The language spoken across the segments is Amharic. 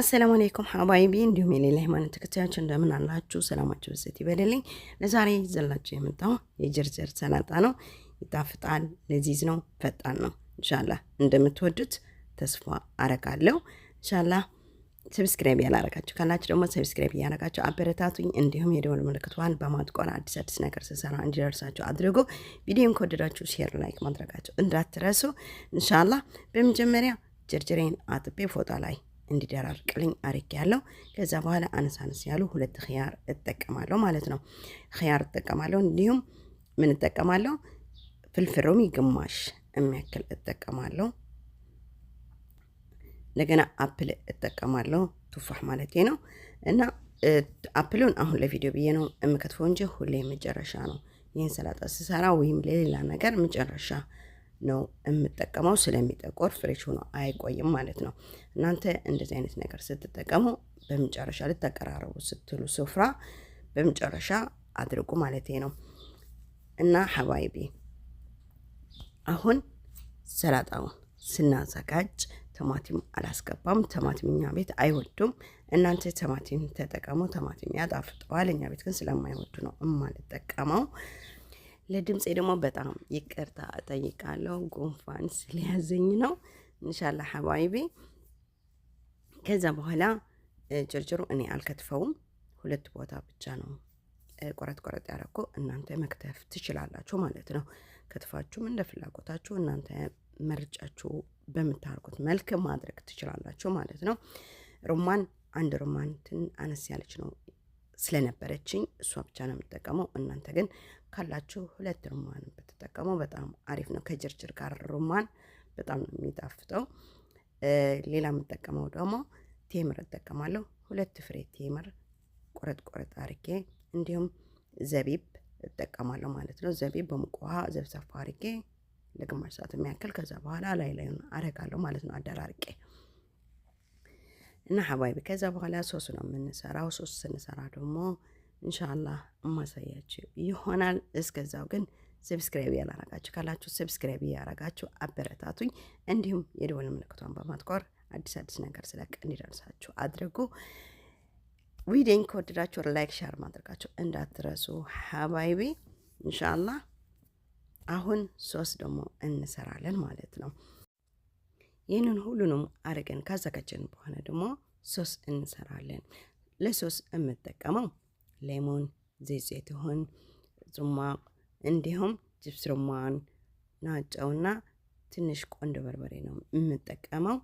አሰላሙ አሌይኩም ሀባይቢ እንዲሁም የሌላ ሃይማኖት ተከታዮች እንደምን አላችሁ? ሰላማችሁ ብዘት ይበልልኝ። ለዛሬ ይዘላችሁ የመጣው የጀርጀር ሰላጣ ነው። ይጣፍጣል፣ ለዚዝ ነው፣ ፈጣን ነው። እንሻላ እንደምትወዱት ተስፋ አረጋለሁ። እንሻላ ሰብስክራይብ ያላረጋችሁ ካላችሁ ደግሞ ሰብስክራይብ እያረጋችሁ አበረታቱኝ። እንዲሁም የደወል ምልክቷን በማጥቆር አዲስ አዲስ ነገር ስሰራ እንዲደርሳችሁ አድርጎ ቪዲዮን ከወደዳችሁ ሼር፣ ላይክ ማድረጋችሁ እንዳትረሱ። እንሻላ በመጀመሪያ ጀርጀሬን አጥቤ ፎጣ ላይ እንዲደራርቅልኝ አርጌ ያለው። ከዛ በኋላ አነስ አነስ ያሉ ሁለት ኪያር እጠቀማለሁ ማለት ነው። ኪያር እጠቀማለሁ። እንዲሁም ምን እጠቀማለሁ? ፍልፍል ሮሚ ግማሽ የሚያክል እጠቀማለሁ። እንደገና አፕል እጠቀማለሁ። ቱፋህ ማለት ነው እና አፕሉን አሁን ለቪዲዮ ብዬ ነው የምከትፈው እንጂ ሁሌ መጨረሻ ነው። ይህን ሰላጣ ስሰራ ወይም ለሌላ ነገር መጨረሻ ነው የምጠቀመው። ስለሚጠቆር ፍሬሽ ሆኖ አይቆይም ማለት ነው። እናንተ እንደዚህ አይነት ነገር ስትጠቀሙ በመጨረሻ ልታቀራረቡ ስትሉ ስፍራ በመጨረሻ አድርጉ ማለት ነው። እና ሀባይቤ አሁን ሰላጣውን ስናዘጋጅ ተማቲም አላስገባም። ተማቲም እኛ ቤት አይወዱም። እናንተ ተማቲም ተጠቀሙ። ተማቲም ያጣፍጠዋል። እኛ ቤት ግን ስለማይወዱ ነው እማልጠቀመው። ለድምፄ ደግሞ በጣም ይቅርታ እጠይቃለሁ። ጉንፋን ስለያዘኝ ነው። እንሻላ ሀባይቤ። ከዛ በኋላ ጭርጭሩ እኔ አልከትፈውም። ሁለት ቦታ ብቻ ነው ቆረጥ ቆረጥ ያደረኩ። እናንተ መክተፍ ትችላላችሁ ማለት ነው። ከትፋችሁም እንደ ፍላጎታችሁ እናንተ መርጫችሁ በምታርጉት መልክ ማድረግ ትችላላችሁ ማለት ነው። ሩማን አንድ ሩማን ትን አነስ ያለች ነው ስለነበረችኝ እሷ ብቻ ነው የምጠቀመው። እናንተ ግን ካላችሁ ሁለት ሩማን ብትጠቀመው በጣም አሪፍ ነው። ከጅርጅር ጋር ሩማን በጣም ነው የሚጣፍጠው። ሌላ የምጠቀመው ደግሞ ቴምር እጠቀማለሁ። ሁለት ፍሬ ቴምር ቆረጥ ቆረጥ አርጌ እንዲሁም ዘቢብ እጠቀማለሁ ማለት ነው። ዘቢብ በሙቅ ውሃ ዘብዘፍ አርጌ ለግማሽ ሰዓት የሚያክል ከዛ በኋላ ላይ ላይ አረጋለሁ ማለት ነው አደራርቄ እና ሀባይቢ ከዛ በኋላ ሶስ ነው የምንሰራው። ሶስ ስንሰራ ደግሞ እንሻላ እማሳያችሁ ይሆናል። እስከዛው ግን ሰብስክራይብ ያላረጋችሁ ካላችሁ ሰብስክራይብ ያረጋችሁ አበረታቱኝ። እንዲሁም የደወል ምልክቷን በማጥቆር አዲስ አዲስ ነገር ስለቅ እንዲደርሳችሁ አድርጉ። ቪዲዮን ከወደዳችሁ ላይክ፣ ሻር ማድረጋችሁ እንዳትረሱ ሀባይቢ። እንሻላ አሁን ሶስት ደግሞ እንሰራለን ማለት ነው። ይህንን ሁሉንም አድርገን ካዘጋጀን በኋላ ደግሞ ሶስት እንሰራለን። ለሶስት የምጠቀመው ሌሞን፣ ዘይዘይትሁን፣ ጽማቅ እንዲሁም ጅብስ ሩማን ና ትንሽ ቆንዶ በርበሬ ነው የምጠቀመው።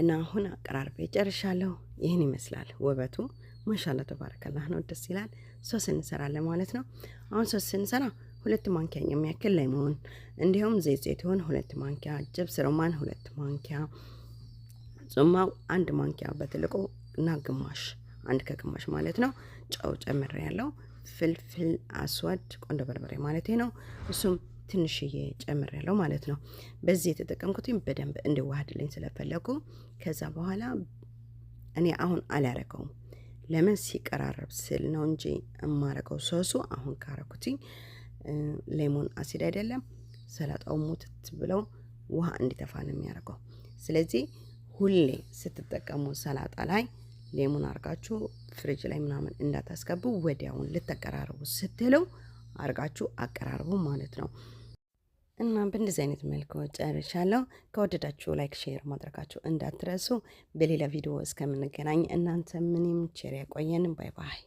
እና አሁን አቀራርቤ ጨርሻለሁ። ይህን ይመስላል ውበቱ። ማሻላ ተባረከላህ ነው። ደስ ይላል። ሶስ እንሰራለን ማለት ነው። አሁን ሶስ ስንሰራ ሁለት ማንኪያ የሚያክል ላይሞን፣ እንዲሁም ዘይት ዘይቱን ሁለት ማንኪያ፣ ጅብስ ሮማን ሁለት ማንኪያ፣ ጾማው አንድ ማንኪያ በትልቁ እና ግማሽ አንድ ከግማሽ ማለት ነው። ጨው ጨምር ያለው ፍልፍል አስወድ ቆንዶ በርበሬ ማለት ነው። እሱም ትንሽዬ ጨምር ያለው ማለት ነው። በዚህ የተጠቀምኩትኝ በደንብ እንዲዋሃድልኝ ስለፈለጉ ከዛ በኋላ እኔ አሁን አላረገውም ለምን ሲቀራረብ ስል ነው እንጂ የማረገው ሶሱ። አሁን ካረኩትኝ ሌሞን አሲድ አይደለም ሰላጣው ሙትት ብለው ውሃ እንዲተፋ ነው የሚያደርገው። ስለዚህ ሁሌ ስትጠቀሙ ሰላጣ ላይ ሌሞን አርጋችሁ ፍሪጅ ላይ ምናምን እንዳታስገቡ፣ ወዲያውን ልተቀራርቡ ስትለው አርጋችሁ አቀራርቡ ማለት ነው። እና በእንደዚህ አይነት መልኩ ጨርሻለሁ። ከወደዳችሁ ላይክ፣ ሼር ማድረጋችሁ እንዳትረሱ። በሌላ ቪዲዮ እስከምንገናኝ እናንተ ምንም ቸር ያቆየን። ባይ ባይ።